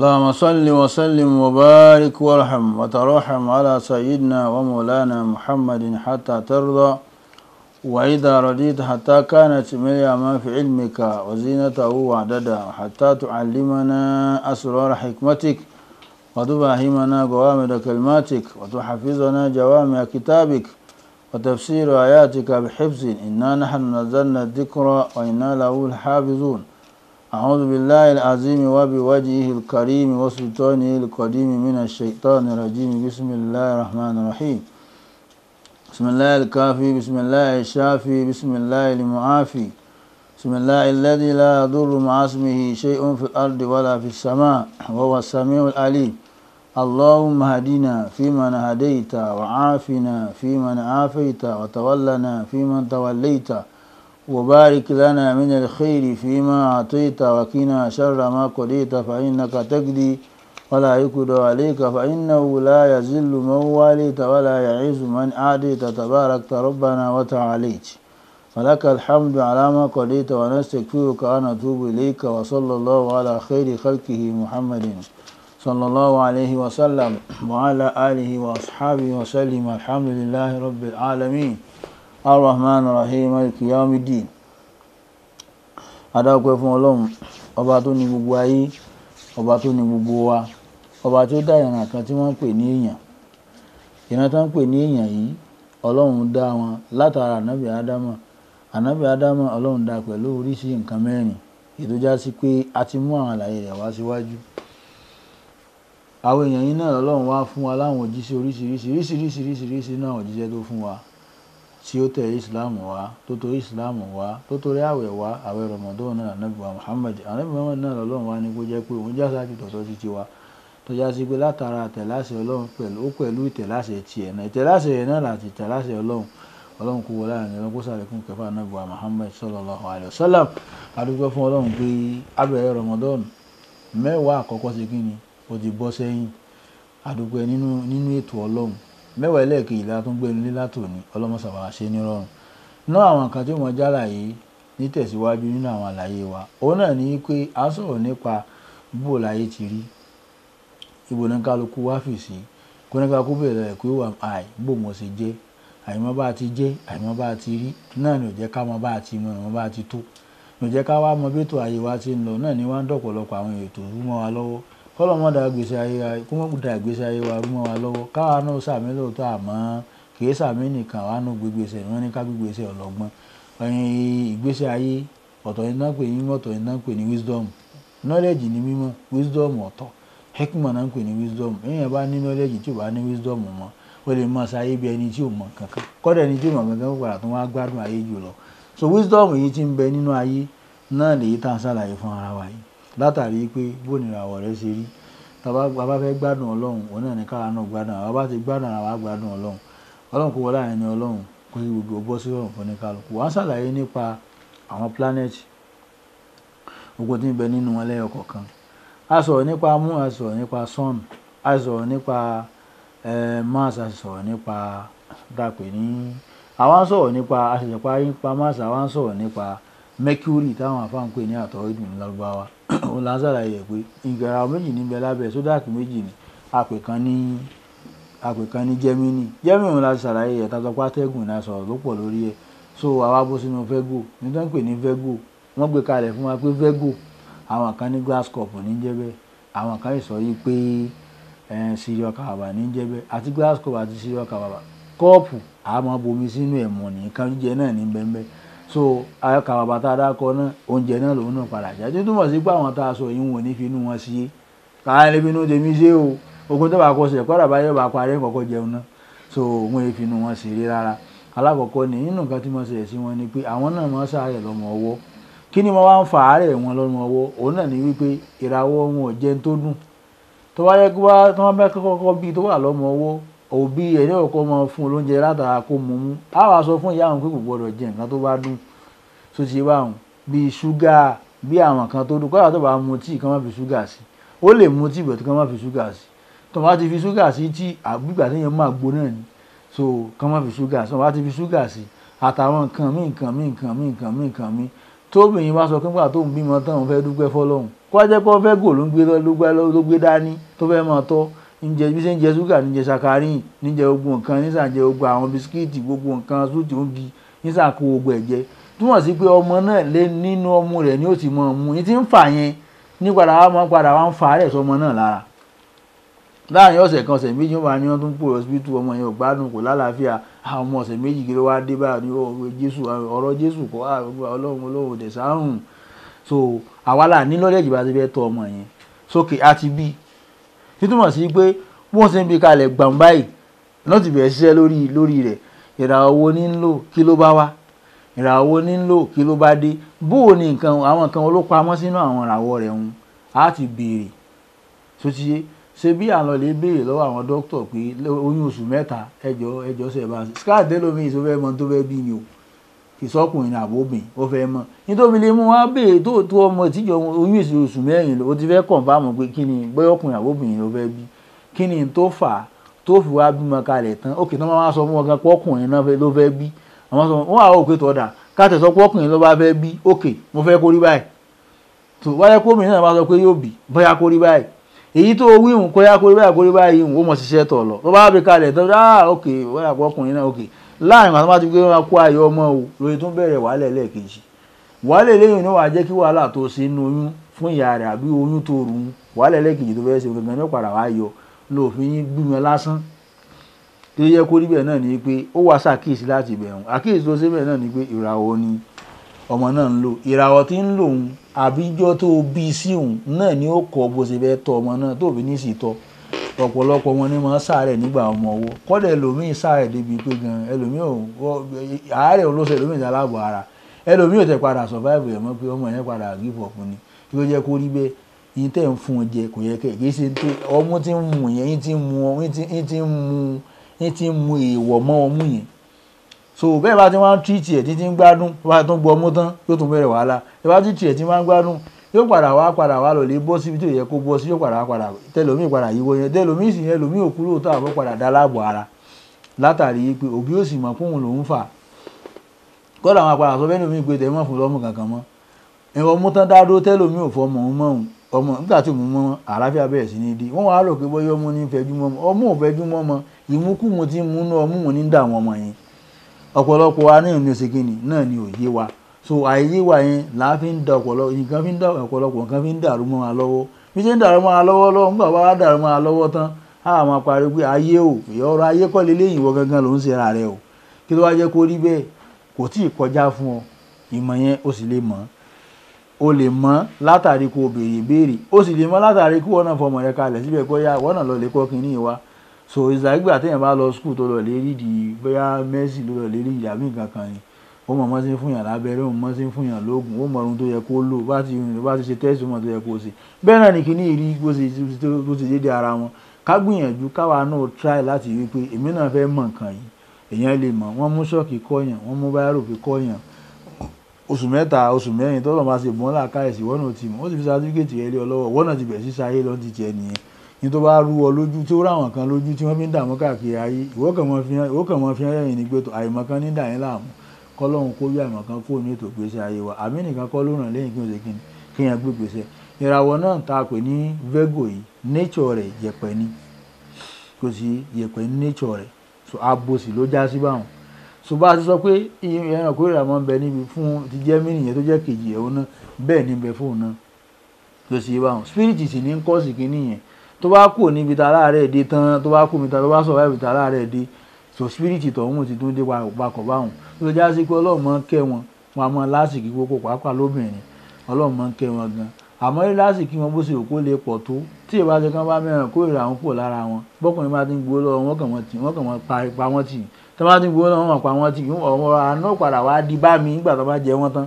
اللهم صل وسلم وبارك وارحم وترحم على سيدنا ومولانا محمد حتى ترضى وإذا رضيت حتى كانت مليا ما في علمك وزينته وعددا حتى تعلمنا أسرار حكمتك وتفهمنا جوامد كلماتك وتحفظنا جوامع كتابك وتفسير آياتك بحفظ إنا نحن نزلنا الذكر وإنا له الحافظون أعوذ بالله العظيم وبوجهه الكريم وسلطانه القديم من الشيطان الرجيم بسم الله الرحمن الرحيم بسم الله الكافي بسم الله الشافي بسم الله المعافي بسم الله الذي لا يضر مع اسمه شيء في الأرض ولا في السماء وهو السميع العليم اللهم هدينا فيمن هديت وعافنا فيمن عافيت وتولنا فيمن توليت وبارك لنا من الخير فيما أعطيت وكنا شر ما قضيت فإنك تقضي ولا يكد عليك فإنه لا يزل من واليت ولا يعز من عاديت تبارك ربنا وتعاليت فلك الحمد على ما قضيت ونستكفرك ونتوب إليك وصلى الله على خير خلقه محمد صلى الله عليه وسلم وعلى آله وأصحابه وسلم الحمد لله رب العالمين arahman rahim alkiyamidi adáwọ̀pẹ́ fún ọlọ́run ọba tó ni gbogbo ayé ọba tó ni gbogbo wa ọba tó dá ìran kan tí wọ́n ń pè ní èèyàn ìran tó ń pè ní èèyàn yìí ọlọ́run dá wọn látara anabi adama dá oríṣi nǹkan ètò pé a ti mú àwọn àlàyé wá síwájú àwọn èèyàn yìí náà fún wa láwọn oríṣiríṣi oríṣiríṣi oríṣiríṣi náà tó fún wa tí ó tẹ ìsìláàmù wá tó torí ìsìláàmù wá tó torí àwẹ̀ wá àwẹ̀ rọmọdún náà ànábì wa muhammad ànábì muhammad náà lọ́lọ́run wa ni kó jẹ́ pé òun já sáàkì tọ̀tọ̀ sí tiwa tó já sí pé látara àtẹ̀láṣẹ ọlọ́run pẹ̀lú ó pẹ̀lú ìtẹ̀láṣẹ tiẹ̀ náà ìtẹ̀láṣẹ yẹn náà láti ìtẹ̀láṣẹ ọlọ́run ọlọ́run kó wọlé àná ọlọ́run kó kẹfà ànábì wa muhammad sallallahu alayhi wa sallam adúgbò fún ọlọ́run pé abẹ́rẹ́ rọmọdún mẹ́wàá àkọ́kọ́ ṣe kí ni ó ti bọ́ sẹ́yìn adúgbò nínú nínú mẹ́wàá ẹlẹ́ẹ̀kejì la tún gbé nílé látòní ọlọ́mọsàbà ṣe nírọ̀rùn náà àwọn nǹkan tí wọ́n jára yìí nítẹ̀síwájú nínú àwọn àlàyé wa òun náà ní pé a sọ̀rọ̀ nípa bó láyé ti rí ibo ní kálukú wá fì sí kó ní kálukú bèrè rẹ̀ pé wà áì bò mo ṣe jẹ́ àìmọ́ bá ti jẹ́ àìmọ́ bá ti rí náà ní ò ká mọ bá ti mọ ìmọ̀ bá ti tó ní ò ká wá mọ bí ètò àyè wa ti ń lọ náà ní wá ń dọ̀pọ̀lọpọ̀ àwọn ètò rúmọ́ wa lọ́wọ́ kọ́lọ̀ mọ́ da gbèsè ayé wa kó mọ́ da gbèsè ayé wa rú mọ́ wa lọ́wọ́ káwa náà sàmì lóòótọ́ àmọ́ kìí sàmì nìkan wa náà gbégbèsè wọn ní ká gbégbèsè ọlọ́gbọ́n ìgbésí ayé ọ̀tọ̀ iná pè ní ọ̀tọ̀ iná pè ní wisdom knowledge ni mímọ̀ wisdom ọ̀tọ̀ hekima náà pè ní wisdom èèyàn bá ní knowledge tí ò bá ní wisdom mọ́ o lè mọ̀ sáyé bí ẹni tí ò mọ̀ kankan kọ́dọ̀ ẹni tí ò mọ̀ kankan ó padà tó wá gbádùn ayé jù lọ so wisdom yìí ti ń bẹ nínú ayé náà lèyí tá à ń fún ara wa yìí látàrí pé bó ni ìràwọ̀ rẹ ṣe rí tàbá bá fẹ́ gbádùn ọlọ́run òun náà ní káwa náà gbádùn àwa bá ti gbádùn àwa gbádùn ọlọ́run ọlọ́run kò wọlé àárín ọlọ́run kó kí gbogbo bọ́ sí ọ̀run fún ní kálukú wàá ṣàlàyé nípa àwọn planet gbogbo tí ń bẹ nínú wọn lẹ́yọ kọ̀ọ̀kan a sọ̀rọ̀ nípa moon a sọ̀rọ̀ nípa sun a sọ̀rọ̀ nípa eh, mars a sọ̀rọ̀ nípa dàpẹ̀ ní àwa ń sọ̀rọ̀ nípa àṣẹ̀ṣẹ̀pá yín pa mars àwa sọ̀rọ̀ nípa mercury táwọn àfáà ń pè ní àtọ̀rọ̀ ìdùnnú lárúbáwá òun là ń ṣàlàyé pé nǹkan ara méjì níbẹ̀ lábẹ́ Zodiac méjì ni àpè kan ní àpè kan ní Gemini Gemini òun la ṣàlàyé ẹ̀ tá a sọ pé atẹ́gùn náà sọ̀rọ̀ ló pọ̀ lórí ẹ̀ so àwa bó sínú Virgo ní tó ní Virgo wọ́n gbé kalẹ̀ fún wa pé Virgo àwọn kan ní glass cup ní jẹ́bẹ̀ àwọn kan ìsọ yìí pé siriọ kàbàbà ní jẹ́bẹ̀ àti glass cup àti siriọ kàbàbà kọ́ọ̀pù àmọ́ bomi sínú ẹ̀mọ́ nìkan jíjẹ náà ní bẹ́ẹ̀ bẹ́ẹ̀ so akàwàbà tá a dá kọ náà oúnjẹ náà lòun náà padà jẹ tó túmọ̀ sí pé àwọn tá a sọ yìí wọn ò ní fi inú wọn sí káà ní fi inú tèmi ṣe o ogun tó bá kọ sí ẹ̀kọ́ àbáyé bá parí kọ́kọ́ jẹun náà so wọn ò fi inú wọn sí rí rárá alákọ̀ọ́kọ́ ni nínú nǹkan tí mo ṣẹlẹ̀ sí wọn ni pé àwọn náà máa ń ṣàárẹ̀ lọ́mọ ọwọ́ kí ni mo wá ń fa àárẹ̀ wọn lọ́mọ ọwọ́ òun náà ni wípé ìràwọ̀ wọn ò jẹun tó dùn tó bá yẹ kó bá tó bá bẹ́ kọ́kọ́ bí tó wà lọ́mọ ọwọ́ òbí ẹ̀ ní ọ̀kọ́ máa fún olóúnjẹ látara kó mú mú á wàá sọ fún ìyá àwọn pé kò gbọ́dọ̀ jẹ nǹkan tó bá dùn tó ti wá òun bíi ṣúgà bíi àwọn kan tó dùn kọ́lá tó bá mu tíì kan má fi ṣúgà sí ó lè mu tíì bẹ̀tù kan má fi ṣúgà sí tó bá ti fi ṣúgà sí tí àgbìgbà téèyàn máa gbó náà ni so kan má fi ṣúgà sí tó bá ti fi ṣúgà sí àtàwọn nǹkan míì nǹkan míì nǹkan míì nǹkan míì nǹkan míì tóbìnrin bá sọ pínpà tóun bímọ tán òun fẹ́ dúpẹ́ fọlọ́hún kó wáá jẹ́ pé wọ́n fẹ́ gò ló ń gbé ló gbé dání tó fẹ́ máa tọ́ níjẹ bí ṣe ń jẹ ṣúgà níjẹ sakarin níjẹ gbogbo nǹkan nísàjẹ gbogbo àwọn bisikíìtì gbogbo nǹkan súùtì oúnjẹ nísàkó gbogbo ẹ̀jẹ̀ túmọ̀ sí pé ọmọ náà lé nínú ọmú rẹ̀ ni ó ti mọ ọmú yìí ti ń fà yẹn ní padà wá máa padà wá ń fa rẹ̀ sọmọ náà lára láàrin ọ̀sẹ̀ kan ọ̀sẹ̀ méjì wà ní wọ́n tún pò hospital ọmọ yẹn ò gbádùn kò lálàáfíà àwọn ọmọ ọ̀sẹ̀ méjì kí ló wá dé báyìí ní ọ̀rọ̀ jésù kọ́ ọlọ́run ọlọ́run òdè sáhùn so àwa là ní lọ́lẹ́jì bá ti fẹ́ tọ́ ọmọ yẹn sókè àti bí títúmọ̀ sí pé wọ́n ti ń bi kalẹ̀ gbàm náà ti bẹ̀rẹ̀ ṣiṣẹ́ lórí rẹ̀ ìràwọ̀ wo kí ló bá wá ìràwọ̀ onílò kí ló bá dé bó o ní nǹkan àwọn nǹkan ló pamọ́ sínú àwọn ìràwọ̀ rẹ̀ ń á ti béèrè tó ti yé ṣe bí àlọ́ lè béèrè lọ́wọ́ àwọn dókítà pé oyún oṣù mẹ́ta ẹjọ́ ẹjọ́ ṣe bá scar delomis ó fẹ́ mọ tó fẹ́ bí ni o kì sọ́kùnrin àbóbìn ó fẹ́ mọ nítorí lè mú wá béèrè tó tó ọmọ ìtìjọ oyún ìṣe oṣù mẹ́rin ó ti fẹ́ kọ̀ǹfàmù pé kí ni bóyá ọkùnrin àbóbìn ló fẹ́ bí kí ni tó fà tó fi wá bímọ kalẹ̀ tán ó kì í tán máa wá sọ fún ọkàn pọ́kùnrin náà ló fẹ́ bí àwọn sọ wọn àwọn òkè tọ̀dà káàtẹ̀ sọ pé ọkùnrin ló bá fẹ́ bí òkè mo fẹ́ kórí báyìí tó wáyé kó mìíràn bá sọ pé yóò bí bóyá kórí báyìí èyí tó wí ìhùn kóyá kórí báyìí kórí báyìí ìhùn ó mọ̀ ṣiṣẹ́ tọ̀ lọ tó bá bí kalẹ̀ tó dá òkè wáyà pọ̀ ọkùnrin náà òkè láàrin àwọn àti pé wọn kó ayọ̀ ọmọ o lórí tó bẹ̀rẹ̀ wàhálẹ̀ lẹ́ẹ̀kejì wàhálẹ̀ lẹ́yìn náà wàá jẹ́ kí wàhálà tó ṣe inú oyún fún ìyá rẹ̀ àbí oyún tó rùn wàhálẹ̀ lẹ́ẹ̀kejì tó fẹ́ ṣe gangan ní ọ̀pàdà wàá yọ lóòfin gbìmọ̀ lásán tó yẹ kó rí bẹ́ẹ̀ náà ni pé ó wá sàkíyèsí láti bẹ̀rùn àkíyèsí tó ṣe bẹ́ẹ̀ náà ni pé ìràwọ̀ ni ọmọ náà ń lò ìràwọ̀ tí ń lò ń àbíjọ́ tó bí i sí òun náà ni ó kọ́ bó ṣe fẹ́ tọ́ ọmọ náà tó fi ní sì tọ́ ọ̀pọ̀lọpọ̀ wọn ni máa ń ṣàárẹ̀ nígbà ọmọ ọwọ́ kọ́dà ẹlòmíì ṣàárẹ̀ débi pé gan ẹlòmíì ò tẹ̀ padà survive ẹ̀ tẹ̀ ń fún un jẹ kò yẹ kẹ́ kì í ṣe ọmú tí ń mú yẹn yín ti ń mu ní ti ń mu èèwọ̀ mọ́ ọmú yẹn so bẹ́ẹ̀ bá ti wá ń tírìtì ẹ̀ títí ń gbádùn bá tó ń gbọ́ ọmú tán yóò tún bẹ̀rẹ̀ wàhálà ẹ bá tírìtì ẹ̀ tí wá ń gbádùn yóò padà wá padà wá lọ́lẹ̀ bọ́ síbi tó yẹ kó bọ́ sí yóò padà wá padà tẹlómìn padà yíwọ yẹn tẹlómìn sì yẹn lómìn òkú lóòótọ́ àbọ̀ padà dá láàbọ̀ ara látàrí pé òbí ò sì mọ̀ kóhun lòún fà kọ́dà àwọn àpàrà sọ bẹ́ẹ̀ lómìn pé tẹ̀ mọ́ fún lọ́mù kankan mọ́ ẹ̀rọ mú tán dá dúró tẹlómìn ò fọmọ òun mọ́ ọmọ nígbà tí òun mọ́ àlàáfíà bẹ̀rẹ̀ sí ní ìmúkùmù tí mú inú ọmú wọn ní dààmú ọmọ yẹn ọ̀pọ̀lọpọ̀ wa ní oṣù kìíní náà ní òye wa so àìyé wa yẹn là fi ń da ọ̀pọ̀lọpọ̀ nǹkan fi ń da ọ̀pọ̀lọpọ̀ nǹkan fi ń dàrú mọ́ wa bí ṣe ń dàrú wa nígbà o ayé kọ́ gangan ló ń ara rẹ o kí ló wá jẹ́ kó rí bẹ́ẹ̀ kò tí ì kọjá ọ ìmọ̀ yẹn o sì lè mọ̀ o lè mọ̀ látàrí kó o o sì lè mọ̀ látàrí kó o náà rẹ kalẹ̀ síbẹ̀ kó yá náà so ìsàlẹ̀ gbà téèyàn bá lọ skul tó lọ lérí di bóyá mẹ́sì ló lọ lérí ìdàbí nǹkan kan ni ó mọ̀ mọ́ sí fún yàn lábẹ́rẹ́ ó mọ̀ sí fún yàn lóògùn ó mọ̀ ohun tó yẹ kó lò bá ti bá ti ṣe tẹ́sì mọ̀ tó yẹ kó ṣe bẹ́ẹ̀ náà ni kí ní ìrí bó ti dédé ara wọn ká gbìyànjú káwa náà try láti rí i pé èmi náà fẹ́ mọ̀ nǹkan yìí èèyàn lè mọ̀ wọ́n mú ṣọ́ọ̀kì kọ́yàn wọ́n mú báyàrò fi kọ́yàn oṣù mẹ́ta oṣù mẹ́rin tọ́lọ́ máa ṣe bọ́ńlá káyẹ̀sì wọ́n náà ti mọ̀ wọ́n ti fi sátífíkẹ́tì rẹ lé ọ wọ́n náà ti bẹ̀ sí sáyé lọ́n ti jẹ nìyẹn ní tó bá rú ọ lójú tí ó ráwọn kan lójú tí wọ́n fi ń dààmú káàkiri ayé ìwọ kàn mọ́ fi ìwọ kàn mọ́ fi ń rẹ́yìn ní gbé tó àìmọ̀ kan ní dàyín láàmú kọ́lọ́hún kó yọ àìmọ̀ kan kúrò ní ètò ìgbésí ayé wa àmì nìkan kọ́ ló ràn lẹ́yìn kí n ṣe kíni kí n yẹn gbé gbèsè ìràwọ̀ náà ta pè ní vego yìí nature rẹ̀ yẹ̀pẹ̀ ni kò sí yẹ̀pẹ̀ ní nature rẹ̀ so abosì ló já sí báwọn ṣùgbọ́n a ti sọ pé ẹran kórìíra máa ń bẹ níbi fún ti Gemini yẹn tó jẹ́ kejì ẹ̀hún náà ni bẹ fóun náà kò tó bá kù níbi tá láàárẹ̀ dé tán tó bá kù níta tó bá sọ̀rọ̀ ibi tá láàárẹ̀ dé so spirit tọ̀hún ti tún dé papọ̀ báwọn ló já sí pé ọlọ́run máa ń kẹ́ wọn wọn a máa lásìkí kókó pàápàá lóbìnrin ọlọ́run máa ń kẹ́ wọn gan àmọ́ ní lásìkí wọn bó ṣe òkú lè pọ̀ tó tí ìbá ṣe kán bá mẹ́rin kórìíra wọn pọ̀ lára wọn bọ́kùnrin bá ti ń gbowó lọ́wọ́ wọn kàn wọ́n pa wọ́n tì tí ti ń gbowó lọ́wọ́ wọn pa wọ́n tì ọ̀rọ̀ àná padà wá di bá mi nígbà tó bá jẹ wọ́n tán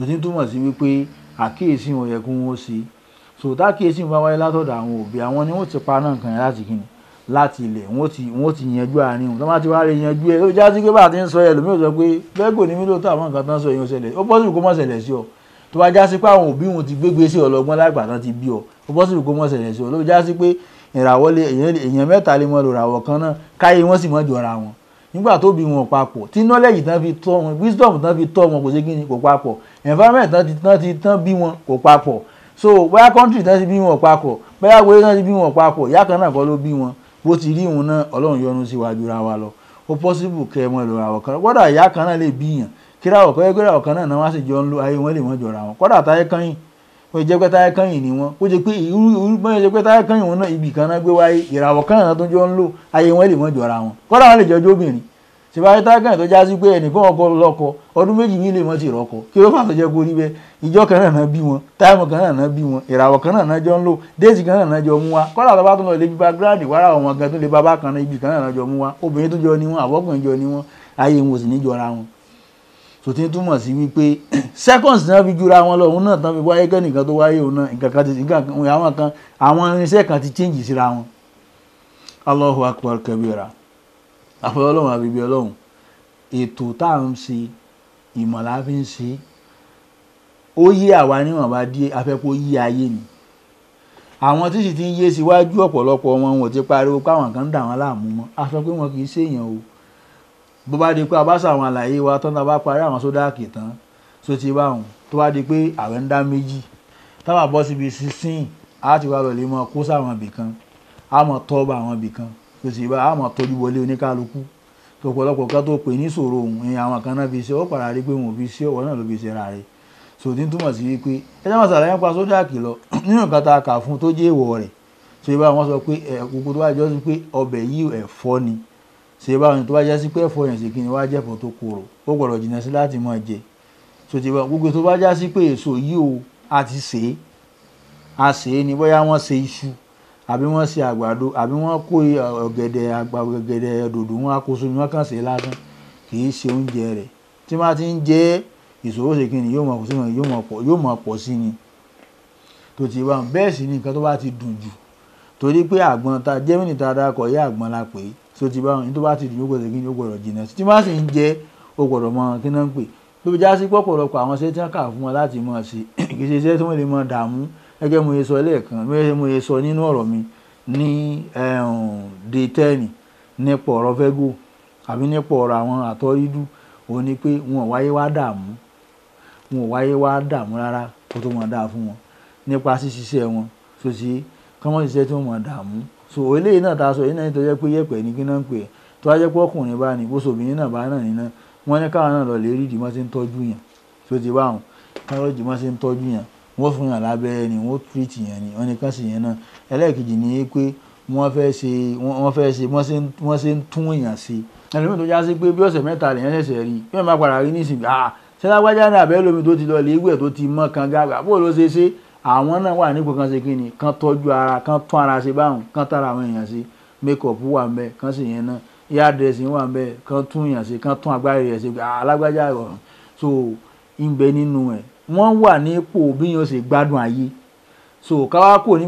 tòtí túmọ̀ sí wípé àkíyèsí wọn yẹ kí wọ́n ṣe so tákìyèsí bá wáyé látọ̀dọ̀ àwọn òbí àwọn ni wọ́n ti paná nǹkan yẹn láti kíni láti ilẹ̀ wọ́n ti yanjú àárín wọn tó má ti wá rí yanjú ẹ ó sí pé bá a ti ń sọ ẹ lómi ò sọ pé bẹ́ẹ̀ kò ní mí lóòótọ́ àwọn nǹkan tó ń sọ yẹn ó ṣẹlẹ̀ ó pọ́sibù kó mọ̀ ṣẹlẹ̀ sí ọ tó bá já sí pé àwọn òbí wọn ti gbégbé sí ọlọ́gbọ́n lágbà tán ti bí ọ ó pọ́sibù kó mọ̀ ṣẹlẹ̀ sí ọ ló já sí pé ìràwọ̀ lé èèyàn mẹ́ta lè mọ lòràwọ̀ kan náà káyé wọ́n sì mọ́ jọra wọn nígbà tó bí wọn papọ̀ tí knowledge tán fi tọ́ wọn wisdom tán fi tọ́ wọn kò sí kí ni kò papọ̀ environment tán ti tán bí wọn kò papọ̀ so bóyá country tán ti bí wọn papọ̀ bóyá wòye tán ti bí wọn papọ̀ ìyá kan náà kọ́ ló bí wọn bó ti rí wọn náà ọlọ́run yọ́nú sí wájú ra wa lọ ó possible kẹ́ ẹ mọ́ ìlú àwọ̀ kan kódà ìyá kan náà lè bíyàn kíra ọ̀kọ́ ẹgbẹ́ ìràwọ̀ kan náà náà wá sì jọ ń lo ayé wọn lè mọ́ jọra wọn kódà táyé kányìn ó jẹ́ pé táyé kányìn ni wọn ó jẹ́ pé irú bọ́n jẹ́ pé táyé kányìn wọn náà ibì kan náà gbé wáyé ìràwọ̀ kan náà tó jọ ń lo ayé wọn lè mọ́ jọra wọn kódà wọn lè jọ jóbìnrin ṣèbáyé tágàn tó já sí pé ẹnìkan ọkọ lọkọ ọdún méjì yín lè mọ ti rọkọ kí ló fàtọ jẹ kó rí bẹ ìjọ kan náà bí wọn táìmù kan náà bí wọn ìràwọ̀ kan náà jọ ń lò déètì kan náà jọ mú wa kọlá tó bá tún lọ lè bí background wàrà àwọn kan tó lè bàbá kan náà ibi kan náà jọ mú wa obìnrin tó jọ ní wọn àbọkùnrin jọ ní wọn ayé wọn ò sì ní jọra wọn. sòtí túmọ̀ sí wípé seconds náà fi jura wọn lọ òun náà tán fi wáyé kẹ́nìkan tó wáyé òun náà nǹkan kan ti nǹkan àwọn kan àwọn irinṣẹ́ kan ti change síra wọn. Allahu akbar kabira àfẹ́ ọlọ́run àbíbí ọlọ́run ètò tá à ń ṣe ìmọ̀ la fi ń ṣe ó yé àwa níwọ̀nba díẹ̀ afẹ́pọ̀ yé ayé ni àwọn tí sì ti ń yé síwájú ọ̀pọ̀lọpọ̀ wọn wọn ti pariwo káwọn kan ń dà wọn láàmú mọ́ a sọ pé wọn kì í ṣèyàn o bó bá di pé a bá sọ àlàyé wa tán tá a bá parí àwọn sódàkì tán tó ti bá wọn tó bá di pé àwẹ̀ ń dá méjì táwọn àbọ̀ síbi sísìn á ti wá lọ lè mọ kó sáwọn ibì kan á mọ tọ́ bá àwọn ibì kan pèsè ìbá àmọ́ tọ́jú wọlé oníkálukú ọ̀pọ̀lọpọ̀ kan tó pè ní ìṣòro òun ìyẹn àwọn kan náà fi ṣe ó padà rí pé òun fi ṣe ọ̀wọ́ náà ló fi ṣe ra rẹ̀ sòdí túmọ̀ sí wípé ẹ jẹ́ wọn ṣàlàyé pa sódà kìlọ̀ nínú nǹkan tá a kà fún tó jẹ́ èèwọ̀ rẹ̀ ṣe bá wọn sọ pé ẹ gbogbo tó bá jọ sí pé ọbẹ̀ yìí ẹ̀fọ́ ni ṣe bá wọn tó bá jẹ́ sí pé ẹ̀fọ́ yẹn sì kí ni wá jẹ́fọ́ tó korò ó gbọ́dọ̀ jìnnà sí láti máa jẹ sòdí bá gbogbo tó bá já sí pé èso yìí o a ti ṣe é a ṣe é ni bóyá wọ́n ṣe iṣu àbí wọ́n ṣe àgbàdo àbí wọ́n kó ọ̀gẹ̀dẹ̀ àgbà ọ̀gẹ̀dẹ̀ dòdò wọn kó sómi wọn kàn sí lásán kì í ṣe oúnjẹ rẹ̀ tí wọ́n ti ń jẹ ìṣòro ṣe kí ni yóò mọ̀ sí ni yóò mọ̀ pọ̀ sí ni tó ti wá bẹ́ẹ̀ sì ni nǹkan tó bá ti dùn jù torí pé àgbọn ta germany ta dákọ̀ yé àgbọn la pè é tó ti wá ní tó bá ti dùn yóò gbọ́dọ̀ yóò gbọ́dọ̀ jìnnà tí wọ́n sì ń jẹ ó gbọ́dọ̀ mọ kí ń pè tó fi já sí pọ̀pọ̀lọpọ̀ àwọn ṣe tí wọ́n kà fún wọn láti mọ̀ sí kì í ṣe iṣẹ́ tí wọ́n lè mọ dààmú gẹ́gẹ́ mo yẹ sọ lẹ́ẹ̀kan mo yẹ sọ nínú ọ̀rọ̀ mi ní day ten nípa ọ̀rọ̀ vego àbí nípa ọ̀rọ̀ àwọn àtọ́rídú òun ni pé wọn ò wáyé wá dààmú wọn ò wáyé wá dààmú rárá kó tó mọ̀ dáa fún wọn nípa ṣíṣiṣẹ́ wọn tó ṣe kọ́mọ́ ṣiṣẹ́ tí mọ̀ dààmú so eléyìí náà ta sọ yìí náà tó jẹ́ pé yẹ̀pẹ̀ ní kí náà ń pè é tó wá jẹ́ pé ọkùnrin bá ní bóso obìnrin náà bá náà nínú wọn ní káwọn náà lọ lè rí ìdí sí ń tọ́jú yẹn tó ti báwọn káwọn lè sí ń tọ́jú yẹn wọ́n fún yàn lábẹ́rẹ́ ni wọ́n treat yàn ni wọ́n nìkan sì yẹn náà ẹlẹ́ẹ̀kejì ni pé wọ́n fẹ́ ṣe wọ́n fẹ́ ṣe wọ́n ṣe ń tún yàn ṣe ẹlòmíì tó já sí pé bí ọ̀sẹ̀ mẹ́ta lèyàn ṣẹ̀ṣẹ̀ rí bí wọ́n máa padà rí nísìnyí ah ṣẹlágbájá ní abẹ́ lómi tó ti lọ lè wẹ̀ tó ti mọ́ kan gàgà bó ló ṣe ṣe àwọn náà wà nípò kan ṣe kí ni kan tọ́jú ara kan tún ara ṣe báwọn kan tára àwọn èèyàn ṣe make up wà ń bẹ kan sì yẹn náà hair dressing wà ń bẹ kan tún yàn ṣe kan tún agbára rẹ̀ ṣe alágbájá ah, ọ̀run so ń bẹ nínú ẹ̀ wọ́n wà ní ipò bí yóò ṣe gbádùn ayé so ká kò ní